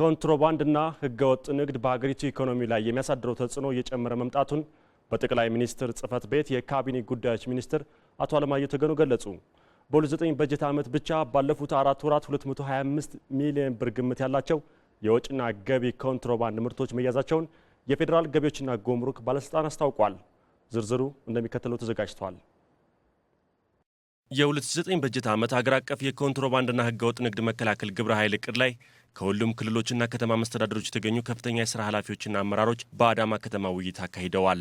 ኮንትሮባንድና ህገወጥ ንግድ በሀገሪቱ ኢኮኖሚ ላይ የሚያሳድረው ተጽዕኖ እየጨመረ መምጣቱን በጠቅላይ ሚኒስትር ጽህፈት ቤት የካቢኔ ጉዳዮች ሚኒስትር አቶ አለማየሁ ተገኑ ገለጹ። በ29 በጀት ዓመት ብቻ ባለፉት አራት ወራት 225 ሚሊዮን ብር ግምት ያላቸው የወጭና ገቢ ኮንትሮባንድ ምርቶች መያዛቸውን የፌዴራል ገቢዎችና ጉምሩክ ባለስልጣን አስታውቋል። ዝርዝሩ እንደሚከተለው ተዘጋጅቷል። የ29 በጀት ዓመት ሀገር አቀፍ የኮንትሮባንድና ህገወጥ ንግድ መከላከል ግብረ ኃይል እቅድ ላይ ከሁሉም ክልሎችና ከተማ መስተዳደሮች የተገኙ ከፍተኛ የሥራ ኃላፊዎችና አመራሮች በአዳማ ከተማ ውይይት አካሂደዋል።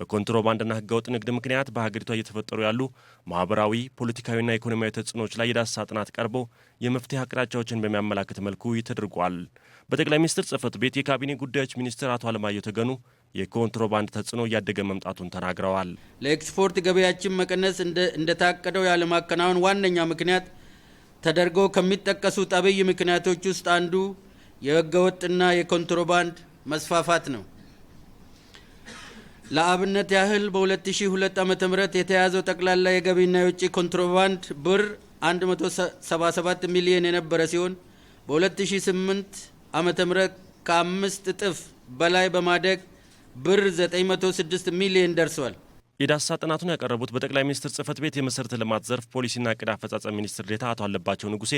በኮንትሮባንድና ህገወጥ ንግድ ምክንያት በሀገሪቷ እየተፈጠሩ ያሉ ማኅበራዊ፣ ፖለቲካዊና ኢኮኖሚያዊ ተጽዕኖዎች ላይ የዳሰሳ ጥናት ቀርቦ የመፍትሄ አቅጣጫዎችን በሚያመላክት መልኩ ተደርጓል። በጠቅላይ ሚኒስትር ጽሕፈት ቤት የካቢኔ ጉዳዮች ሚኒስትር አቶ አለማየሁ ተገኑ የኮንትሮባንድ ተጽዕኖ እያደገ መምጣቱን ተናግረዋል። ለኤክስፖርት ገበያችን መቀነስ እንደታቀደው ያለማከናወን ዋነኛ ምክንያት ተደርገው ከሚጠቀሱት አብይ ምክንያቶች ውስጥ አንዱ የህገወጥና የኮንትሮባንድ መስፋፋት ነው። ለአብነት ያህል በ2002 ም የተያዘው ጠቅላላ የገቢና የውጭ ኮንትሮባንድ ብር 177 ሚሊዮን የነበረ ሲሆን በ2008 ዓ ም ከአምስት እጥፍ በላይ በማደግ ብር 906 ሚሊዮን ደርሷል። የዳሰሳ ጥናቱን ያቀረቡት በጠቅላይ ሚኒስትር ጽህፈት ቤት የመሠረተ ልማት ዘርፍ ፖሊሲና እቅድ አፈጻጸም ሚኒስትር ዴታ አቶ አለባቸው ንጉሴ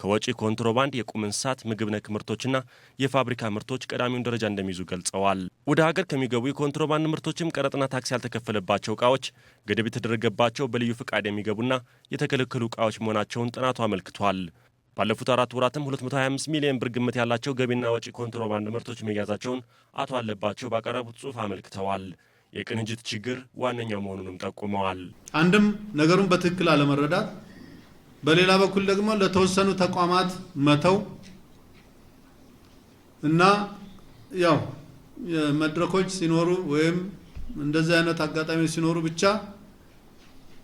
ከወጪ ኮንትሮባንድ የቁም እንስሳት፣ ምግብ ነክ ምርቶችና የፋብሪካ ምርቶች ቀዳሚውን ደረጃ እንደሚይዙ ገልጸዋል። ወደ ሀገር ከሚገቡ የኮንትሮባንድ ምርቶችም ቀረጥና ታክስ ያልተከፈለባቸው እቃዎች ገደብ የተደረገባቸው በልዩ ፈቃድ የሚገቡና የተከለከሉ እቃዎች መሆናቸውን ጥናቱ አመልክቷል። ባለፉት አራት ወራትም 225 ሚሊዮን ብር ግምት ያላቸው ገቢና ወጪ ኮንትሮባንድ ምርቶች መያዛቸውን አቶ አለባቸው ባቀረቡት ጽሑፍ አመልክተዋል። የቅንጅት ችግር ዋነኛው መሆኑንም ጠቁመዋል። አንድም ነገሩን በትክክል አለመረዳት፣ በሌላ በኩል ደግሞ ለተወሰኑ ተቋማት መተው እና ያው መድረኮች ሲኖሩ ወይም እንደዚህ አይነት አጋጣሚ ሲኖሩ ብቻ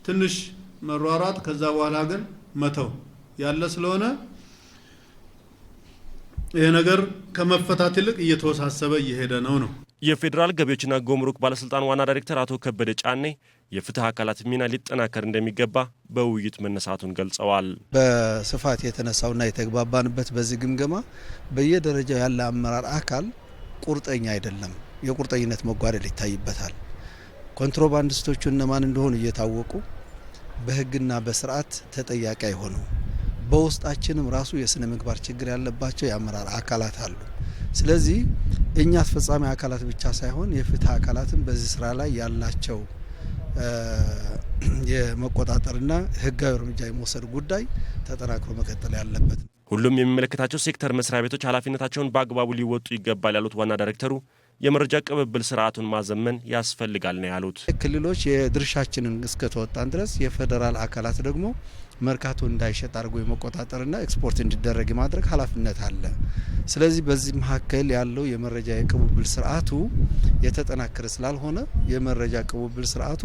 ትንሽ መሯሯጥ፣ ከዛ በኋላ ግን መተው ያለ ስለሆነ ይሄ ነገር ከመፈታት ይልቅ እየተወሳሰበ እየሄደ ነው ነው የፌዴራል ገቢዎችና ጎምሩክ ባለስልጣን ዋና ዳይሬክተር አቶ ከበደ ጫኔ የፍትህ አካላት ሚና ሊጠናከር እንደሚገባ በውይይት መነሳቱን ገልጸዋል። በስፋት የተነሳውና የተግባባንበት በዚህ ግምገማ በየደረጃው ያለ አመራር አካል ቁርጠኛ አይደለም፣ የቁርጠኝነት መጓደል ይታይበታል። ኮንትሮባንዲስቶቹ እነማን እንደሆኑ እየታወቁ በህግና በስርዓት ተጠያቂ አይሆኑ በውስጣችንም ራሱ የስነ ምግባር ችግር ያለባቸው የአመራር አካላት አሉ። ስለዚህ እኛ አስፈጻሚ አካላት ብቻ ሳይሆን የፍትህ አካላትም በዚህ ስራ ላይ ያላቸው የመቆጣጠርና ህጋዊ እርምጃ የመውሰድ ጉዳይ ተጠናክሮ መቀጠል ያለበት። ሁሉም የሚመለከታቸው ሴክተር መስሪያ ቤቶች ኃላፊነታቸውን በአግባቡ ሊወጡ ይገባል ያሉት ዋና ዳይሬክተሩ የመረጃ ቅብብል ስርዓቱን ማዘመን ያስፈልጋል ነው ያሉት። ክልሎች የድርሻችንን እስከተወጣን ድረስ የፌዴራል አካላት ደግሞ መርካቶ እንዳይሸጥ አድርጎ የመቆጣጠርና ኤክስፖርት እንዲደረግ የማድረግ ኃላፊነት አለ። ስለዚህ በዚህ መካከል ያለው የመረጃ የቅቡብል ስርዓቱ የተጠናከረ ስላልሆነ የመረጃ ቅቡብል ስርዓቱ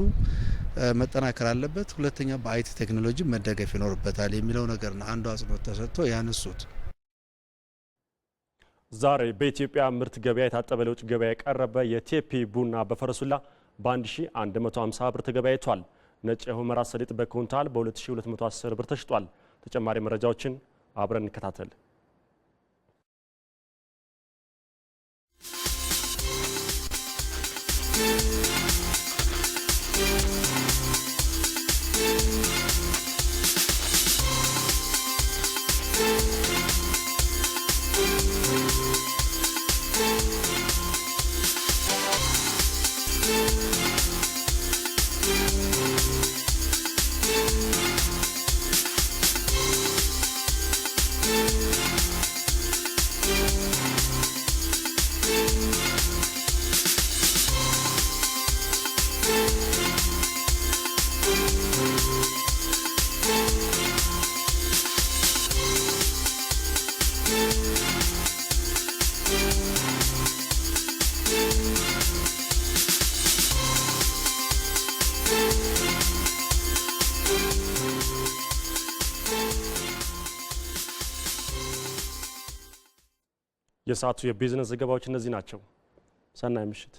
መጠናከር አለበት። ሁለተኛ በአይቲ ቴክኖሎጂ መደገፍ ይኖርበታል የሚለው ነገር ነው አንዱ አጽንኦት ተሰጥቶ ያነሱት። ዛሬ በኢትዮጵያ ምርት ገበያ የታጠበ ለውጭ ገበያ የቀረበ የቴፒ ቡና በፈረሱላ በ1150 ብር ተገበያይቷል። ነጭ የሁመራ ሰሊጥ በኩንታል በ2210 ብር ተሽጧል። ተጨማሪ መረጃዎችን አብረን እንከታተል። የሰዓቱ የቢዝነስ ዘገባዎች እነዚህ ናቸው። ሰናይ ምሽት።